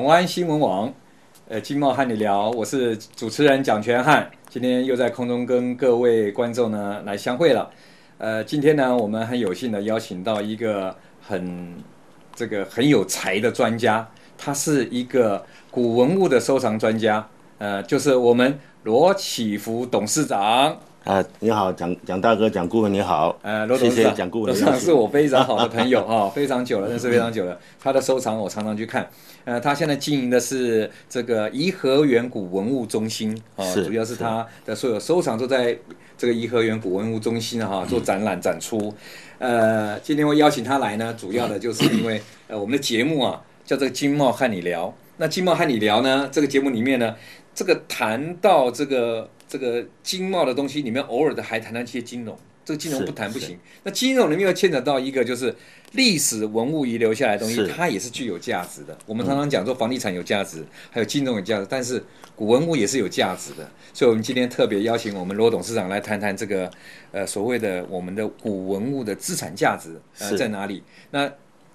台灣新聞網，呃，經貿和你聊，我是主持人蔣全漢，今天又在空中跟各位觀眾呢來相會了。呃，今天呢，我們很有幸的邀請到一個很這個很有才的專家，他是一個古文物的收藏專家，呃，就是我們羅啟福董事長。你好，蔣蔣大哥，蔣顧問，你好。哎、呃，羅董事長，董事長是我非常好的朋友啊、 哦、非常久了，認識非常久了。他的收藏我常常去看。呃，他現在經營的是這個頤和園古文物中心啊，哦、是主要是他的所有收藏都在這個頤和園古文物中心哈、哦、做展覽展出。呃，今天我邀請他來呢，主要的就是因為 呃我們的節目啊叫做經貿和你聊。那經貿和你聊呢，這個節目裡面呢，這個談到這個。這個經貿的東西裡面，偶爾的還談談一些金融。這個金融不談不行。那金融裡面又牽扯到一個，就是歷史文物遺留下來的東西，它也是具有價值的。是我們常常講說房地產有價值，嗯、還有金融有價值，但是古文物也是有價值的。所以，我們今天特別邀請我們羅董事長來談談這個，呃，所謂的我們的古文物的資產價值呃在哪裡？是那。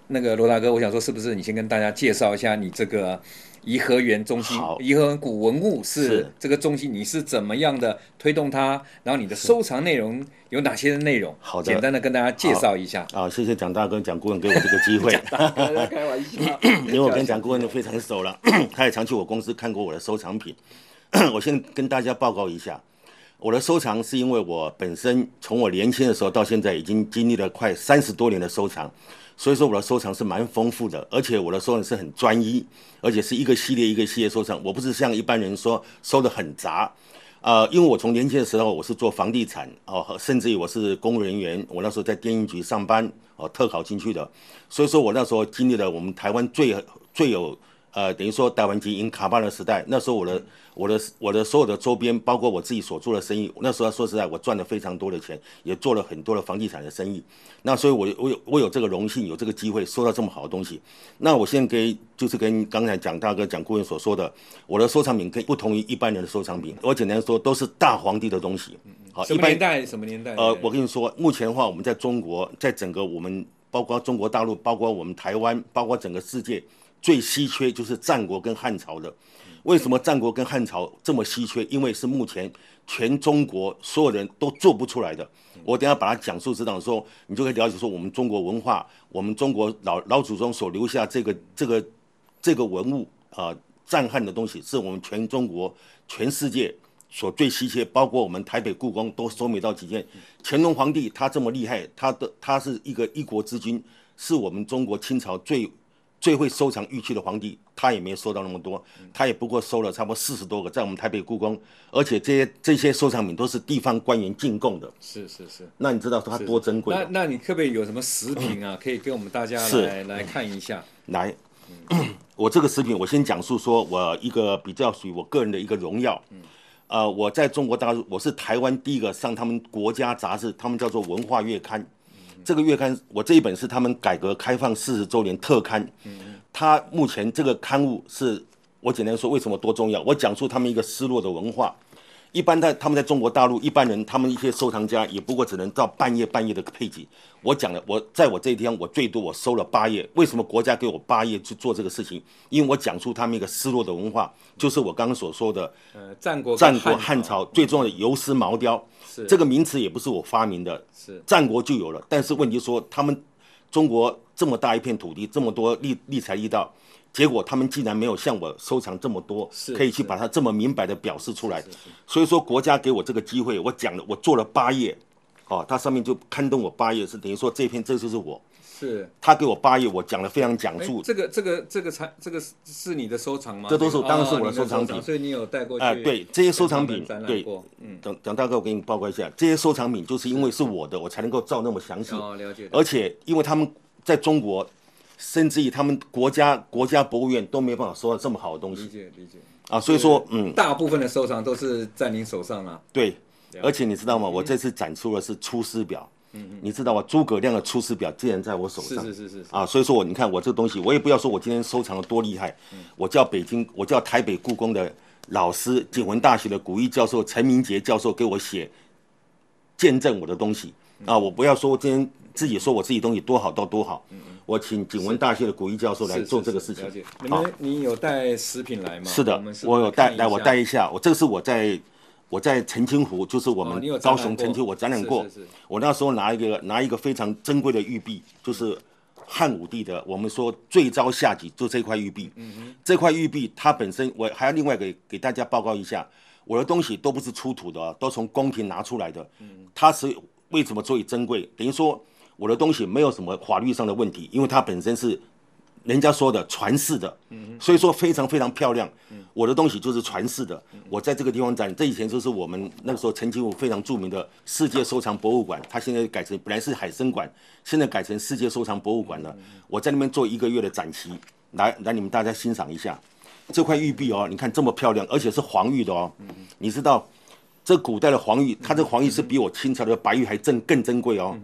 那個羅大哥，我想說，是不是你先跟大家介紹一下你這個頤和園中心、好頤和園古文物是，是這個中心？你是怎麼樣的推動它？然後你的收藏內容有哪些內容？好的是，簡單的跟大家介紹一下啊！謝謝蔣大哥、蔣顧問給我這個機會。 開玩笑， 因為我跟蔣顧問都非常熟了，他也常去我公司看過我的收藏品。 我先跟大家報告一下。我的收藏是因為我本身從我年輕的時候到現在已經經歷了快三十多年的收藏，所以說我的收藏是蠻豐富的，而且我的收藏是很專一，而且是一個系列一個系列收藏。我不是像一般人說收得很雜，啊，因為我從年輕的時候我是做房地產哦、啊，甚至於我是公務人員，我那時候在電影局上班哦、啊，特考進去的，所以說我那時候經歷了我們台灣最最有。呃，等於說台灣吉因卡巴勒時代，那時候我的我的我的所有的周邊，包括我自己所做的生意，那時候說實在，我賺了非常多的錢，也做了很多的房地產的生意。那所以我，我我有我有這個榮幸，有這個機會收到這麼好的東西。那我先給，就是跟剛才蔣大哥蔣顧問所說的，我的收藏品可以不同於一般人的收藏品。我簡單說，都是大皇帝的東西。好，一般什麼年代？什麼年代？呃，我跟你說，目前的話，我們在中國，在整個我們包括中國大陸，包括我們台灣，包括整個世界。最稀缺就是戰國跟漢朝的，為什麼戰國跟漢朝這麼稀缺？因為是目前全中國所有人都做不出來的。我等下把它講述知道的時候，說你就可以了解說我們中國文化，我們中國老老祖宗所留下這個這個這個文物啊、呃，戰漢的東西，是我們全中國全世界所最稀缺，包括我們台北故宮都收沒到幾件。乾隆皇帝他這麼厲害，他的他是一個一國之君，是我們中國清朝最。最會收藏玉器的皇帝，他也沒收到那麼多，他也不過收了差不多四十多個，在我們台北故宮。而且這些這些收藏品都是地方官員進貢的。是是是。那你知道它多珍貴？是是。那那你特別有什麼食品啊，嗯、可以給我們大家來來看一下？嗯、來，嗯、我這個食品我先講述說我一個比較屬於我個人的一個榮耀。嗯。呃，我在中國大陸，我是台灣第一個上他們國家雜誌，他們叫做《文化月刊》。這個月刊，我這一本是他們改革開放四十周年特刊。嗯，它目前這個刊物是，我簡單說為什麼多重要，我講述他們一個失落的文化。一般在他們在中國大陸，一般人他們一些收藏家也不過只能到半夜半夜的配景。我講了，我在我這一天，我最多我收了八頁。為什麼國家給我八頁去做這個事情？因為我講述他們一個失落的文化，就是我剛剛所說的，呃，戰國、戰國漢朝、嗯、最重要的游絲毛雕，是這個名詞也不是我發明的，是戰國就有了，但是問題說他們。中國這麼大一片土地，這麼多立歷才力道，結果他們竟然沒有向我收藏這麼多，是是是可以去把它這麼明白的表示出來。是是是所以說國家給我這個機會，我講了，我做了八頁，哦，它上面就刊登我八頁，是等於說這篇這就是我。是，他給我八頁，我講了非常講述。這個這個這個才這個是是你的收藏嗎？這都是當然是我的收藏品。所以你有帶過去？哎，對，這些收藏品，對，嗯，等等大哥，我給你報告一下，這些收藏品就是因為是我的，我才能夠照那麼詳細。哦，了解。而且因為他們在中國，甚至於他們國家國家博物院都沒辦法收到這麼好的東西。理解理解。啊，所以說，嗯。大部分的收藏都是在您手上啊。對，而且你知道嗎？我這次展出的是《出師表》。你知道嗎？諸葛亮的《出師表》竟然在我手上，是是是是啊，所以說我，你看我這東西，我也不要說我今天收藏了多厲害，我叫北京，我叫台北故宮的老師，景文大學的古藝教授陳明杰教授給我寫，見證我的東西啊，我不要說我今天自己說我自己的東西多好到多好，我請景文大學的古藝教授來做這個事情。你們，你有帶食品來嗎？是的，我們是我有帶，來我帶一下，我這是我在。我在澄清湖，就是我們高雄澄清、哦，我展覽過。是是是我那時候拿一個拿一個非常珍貴的玉璧，就是漢武帝的，我們說最招下級，就這塊玉璧。嗯、哼這塊玉璧它本身，我還要另外給給大家報告一下，我的東西都不是出土的、啊，都從宮廷拿出來的。它是為什麼最珍貴？等於說我的東西沒有什麼法律上的問題，因為它本身是。人家說的傳世的，所以說非常非常漂亮。嗯、我的東西就是傳世的。我在這個地方展，這以前就是我們那個時候陳啟武非常著名的世界收藏博物館，它現在改成本來是海參館，現在改成世界收藏博物館了。嗯嗯嗯、我在那邊做一個月的展期，來來，你們大家欣賞一下這塊玉璧哦，你看這麼漂亮，而且是黃玉的哦。嗯嗯嗯、你知道，這古代的黃玉，它這黃玉是比我清朝的白玉還珍更珍貴哦。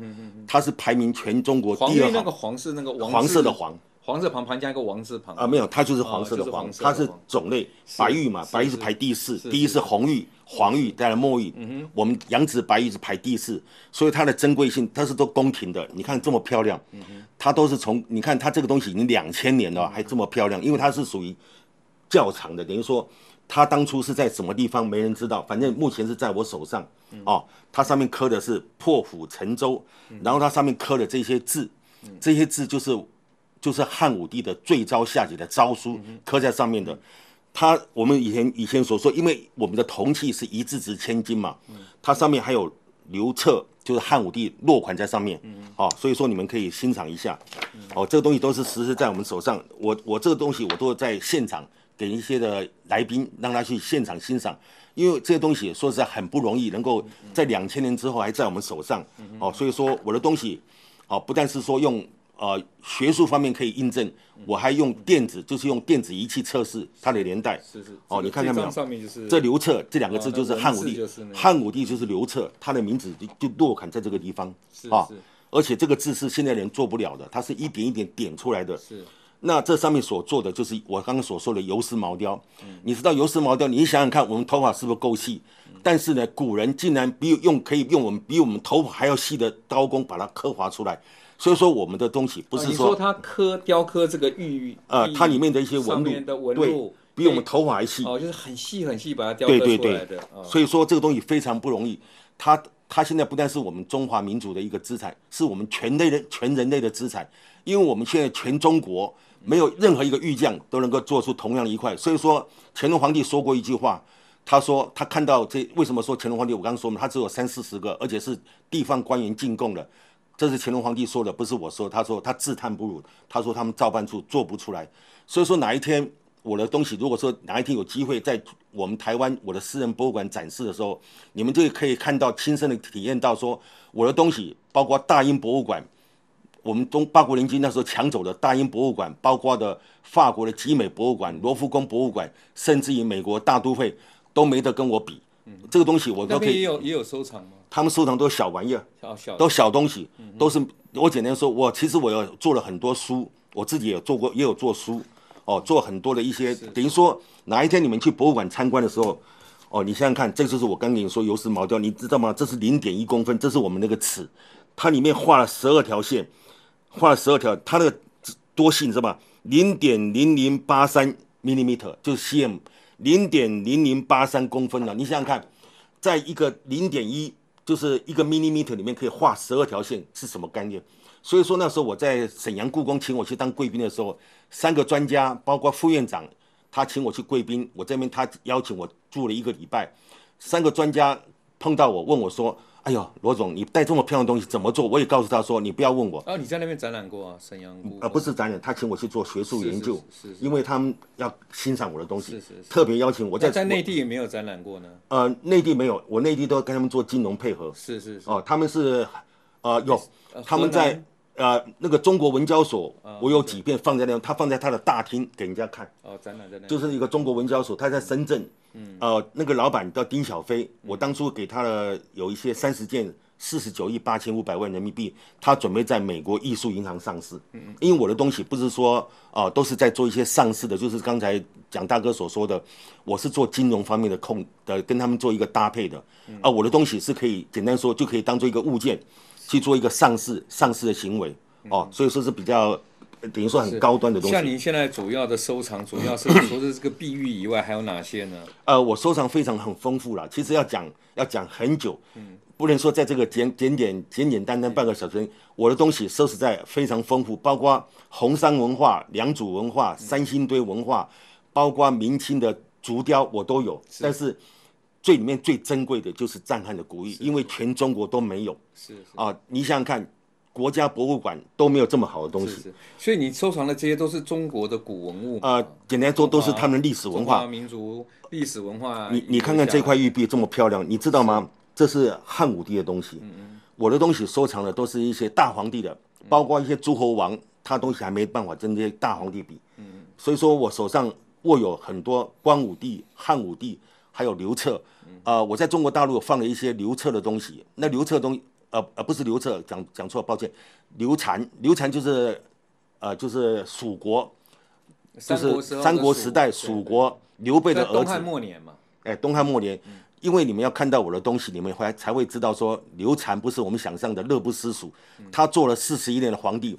它是排名全中國第二。黃玉那個黃是那個黃，黃色的黃。黃色旁旁加一個王字旁啊，啊，沒有，它就是黃色的黃，它是種類是白玉嘛，是白玉是排第四，第一是紅玉、黃玉，再來墨玉。嗯、哼我們羊脂白玉是排第四，所以它的珍貴性，它是都宮廷的。你看這麼漂亮，它都是從、嗯、哼你看它這個東西已經兩千年了，嗯、哼還這麼漂亮，因為它是屬於窖藏的，等於說它當初是在什麼地方沒人知道，反正目前是在我手上。嗯、哼哦，它上面刻的是“破釜沉舟”，然後它上面刻的這些字，這些字就是。就是漢武帝的最早下級的詔書，刻在上面的。他我們以前以前所說，因為我們的銅器是一字值千金嘛，它上面還有劉徹，就是漢武帝落款在上面。嗯，哦，所以說你們可以欣賞一下。哦，這個東西都是實實在在我們手上。我我這個東西我都在現場給一些的來賓，讓他去現場欣賞。因為這些東西說實在很不容易，能夠在兩千年之後還在我們手上。哦，所以說我的東西，哦，不但是說用。呃，學術方面可以印證，我還用電子，就是用電子儀器測試它的年代。是是。哦，你看見沒有？上面就是。這劉徹這兩個字就是漢武帝，漢武帝就是劉徹，他的名字就就落款在這個地方。是是。而且這個字是現在人做不了的，它是一點一點點出來的。是。那這上面所做的就是我剛剛所說的游絲毛雕。嗯。你知道游絲毛雕？你想想看，我們頭髮是不是夠細？但是呢，古人竟然比用可以用我們比我們頭髮還要細的刀工把它刻劃出來。所以說我們的東西不是說它刻、啊、雕刻這個玉呃，它裡面的一些紋路，紋路對，對，比我們頭髮還細，哦，就是很細很細把它雕刻出來的。對，對對對，所以說這個東西非常不容易。它它現在不但是我們中華民族的一個資產，是我們全類的全人類的資產，因為我們現在全中國沒有任何一個玉匠都能夠做出同樣的一塊。所以說乾隆皇帝說過一句話，他說他看到這，為什麼說乾隆皇帝，我剛剛說嘛，他只有三四十個，而且是地方官員進貢的。這是乾隆皇帝說的，不是我說。他說他自嘆不如，他說他們造辦處做不出來。所以說哪一天我的東西，如果說哪一天有機會在我們台灣我的私人博物館展示的時候，你們就可以看到，親身的體驗到說，說我的東西，包括大英博物館，我們中八國聯軍那時候搶走的大英博物館，包括的法國的吉美博物館、羅浮宮博物館，甚至於美國大都會都沒得跟我比。這個東西我都可以。也有也有收藏嗎？他們收藏都是小玩意兒，小小都小東西，嗯、哼都是。我簡單說，我其實我有做了很多書，我自己也做過，也有做書。哦，做很多的一些，的等於說哪一天你們去博物館參觀的時候，的哦，你想想看，這就是我剛跟你說，遊絲毛雕，你知道嗎？這是零點一公分，這是我們那個尺，它裡面畫了十二條線，畫了十二條，它那個多細你知道嗎？零點零零八三 millimeter，就是 cm。零點零零八三公分呢、啊？你想想看，在一個零點一，就是一個 millimeter 裡面可以畫十二條線是什麼概念？所以說那時候我在沈陽故宮請我去當貴賓的時候，三個專家包括副院長，他請我去貴賓，我這邊他邀請我住了一個禮拜，三個專家碰到我問我說。哎呦，羅總，你帶這麼漂亮的東西怎麼做？我也告訴他說，你不要問我。哦，你在那邊展覽過啊？瀋陽啊、呃，不是展覽，他請我去做學術研究，是是，是，是，是因為他們要欣賞我的東西，是是，是特別邀請我在在內地也沒有展覽過呢。呃，內地沒有，我內地都要跟他們做金融配合，是是是。哦、呃，他們是，呃，有，是是呃、他們在。呃，那個中國文交所，哦，我有幾件放在那，對他放在他的大廳給人家看。哦，展覽在那，就是一個中國文交所，他在深圳。嗯，呃，那個老板叫丁小飛，嗯，我當初給他了有一些三十件，四十九億八千五百萬人民幣，他準備在美國藝術銀行上市。嗯，因為我的東西不是說，哦，呃，都是在做一些上市的，就是剛才蔣大哥所說的，我是做金融方面的控的，跟他們做一個搭配的。啊，呃，我的東西是可以簡單說就可以當做一個物件，去做一個上市上市的行為，嗯、哦，所以說是比較，呃、等於說很高端的東西。像您現在主要的收藏，主要是除了這個碧玉以外，嗯、還有哪些呢？呃，我收藏非常很豐富了，其實要講要講很久，嗯，不能說在這個簡簡簡簡簡單單半個小時，嗯、我的東西收拾在非常豐富，包括紅山文化、良渚文化、嗯、三星堆文化，包括明清的竹雕我都有，但是。最裡面最珍貴的就是戰漢的古玉，是因為全中國都沒有。是，是啊，你想想看，國家博物館都沒有這麼好的東西。所以你收藏的這些都是中國的古文物。啊、呃，簡單說都是他們歷史文化。中華民族歷史文化。你你看看這塊玉璧這麼漂亮，是你知道嗎？這是漢武帝的東西。嗯是我的東西收藏的都是一些大皇帝的，嗯、包括一些諸侯王，他東西還沒辦法跟這些大皇帝比。嗯，所以說我手上握有很多光武帝、漢武帝，還有劉徹，啊、呃，我在中國大陸放了一些劉徹的東西。那劉徹東，呃，呃，不是劉徹，講講錯了，抱歉。劉禪，劉禪就是，呃，就是蜀國，三國時，三國時代國蜀，蜀國劉備的兒子。東漢末年嘛。哎，東漢末年，因為你們要看到我的東西，你們才才會知道說劉禪不是我們想象的樂不思蜀，他做了四十一年的皇帝。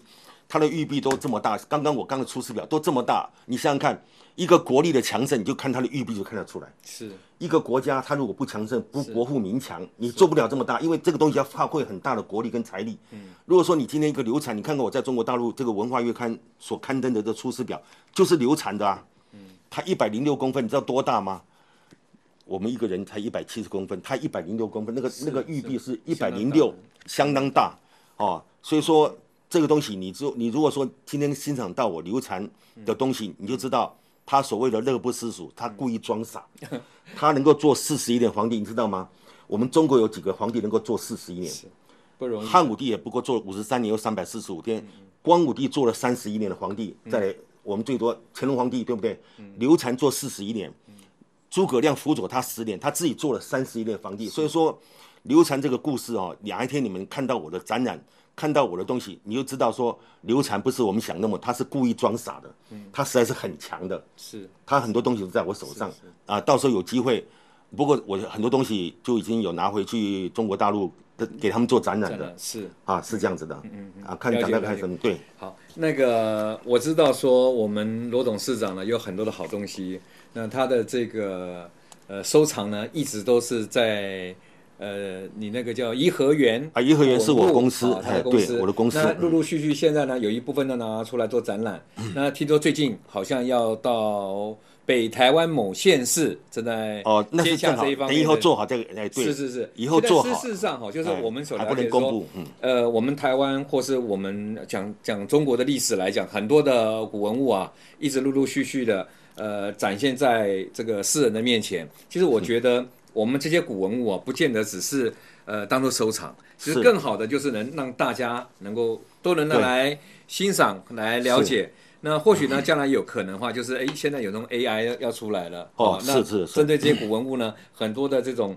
他的玉璧都這麼大，剛剛我剛剛的出師表都這麼大，你想想看，一個國力的強盛，你就看他的玉璧就看得出來，是一個國家他如果不強盛，不國富民強，是你做不了這麼大，因為這個東西要發揮很大的國力跟財力。嗯，如果說你今天一個流產，你看看我在中國大陸這個文化月刊所刊登的這出師表，就是流產的啊。他它一百零六公分，你知道多大嗎？我們一個人才一百七十公分，它一百零六公分，那個是那個玉璧是一百零六，相當大，相當大哦。所以說。嗯這個東西你，你就你如果說今天欣賞到我劉禪的東西，嗯、你就知道他所謂的樂不思蜀，他故意裝傻，嗯、他能夠做四十一年皇帝， 你知道嗎？我們中國有幾個皇帝能夠做四十一年？不容易。漢武帝也不過做了五十三年又三百四十五天，嗯、光武帝做了三十一年的皇帝，再來、嗯、我們最多乾隆皇帝對不對？劉、嗯、禪做四十一年，諸、嗯、葛亮輔佐他十年，他自己做了三十一年皇帝。是所以說，劉禪這個故事啊、哦，哪一天你們看到我的展覽。看到我的東西，你就知道說劉禪不是我們想那麼，他是故意裝傻的。嗯，他實在是很強的，是。他很多東西都在我手上啊，到時候有機會。不過我很多東西就已經有拿回去中國大陸的，給他們做展覽的。是，是啊，是這樣子的。嗯，嗯，嗯，嗯，嗯啊，看大家看什麼？了解對。好，那個我知道說我們羅董事長呢有很多的好東西，那他的這個呃收藏呢一直都是在。呃，你那個叫頤和園啊，頤和園是我的公司，對，我的公司。那陸陸續，續續現在呢，有一部分的拿出來做展覽。嗯、那聽說最近好像要到北台灣某縣市正在接下這市市哦，那一方面。等以後做好再、這個、哎，對，是是是，以後做好。事實上，哈，就是我們所了解說，嗯、呃，我們台灣或是我們講講中國的歷史來講，很多的古文物啊，一直陸陸續續的呃展現在這個世人的面前。其實我覺得。嗯我們這些古文物啊，不見得只是呃當做收藏，其實更好的就是能讓大家能夠是都能來欣賞、對來了解。是那或許呢，將來有可能的話，就是誒、欸，現在有這種 AI 要出來了，哦，哦那是是是，針對這些古文物呢，嗯、很多的這種。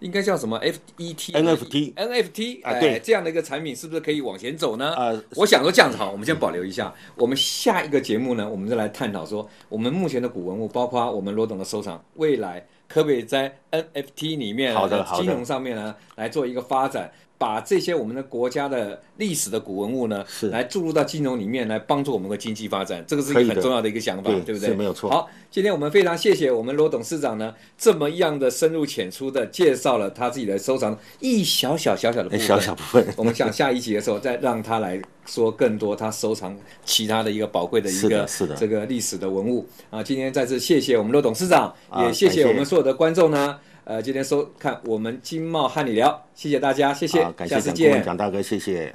應該叫什麼？F E T N F T N F T 哎，對，這樣的一個產品是不是可以往前走呢？啊對，我想說這樣子好，我們先保留一下。嗯、我們下一個節目呢，我們再來探討說，我們目前的古文物，包括我們羅總的收藏，未來可不可以在 N F T 裡面，好的，金融上面呢，來做一個發展？把這些我們的國家的歷史的古文物呢，是來注入到金融裡面來幫助我們的經濟發展，這個是一個很重要的一個想法，對，對不對？沒有錯。好，今天我們非常謝謝我們羅董事長呢，這麼樣的深入淺出的介紹了他自己的收藏一小小小小的部分。欸、小小部分我們想下一集的時候再讓他來說更多他收藏其他的一個寶貴的一個這個歷史的文物的的啊。今天再次謝謝我們羅董事長，啊、也謝謝我們所有的觀眾呢。啊呃，今天收看我們金茂漢理聊，謝謝大家，謝謝，啊、感謝下次見，蔣、嗯、大哥，謝謝。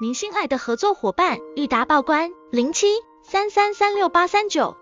您心愛的合作伙伴，裕達報關，零七三三三六八三九。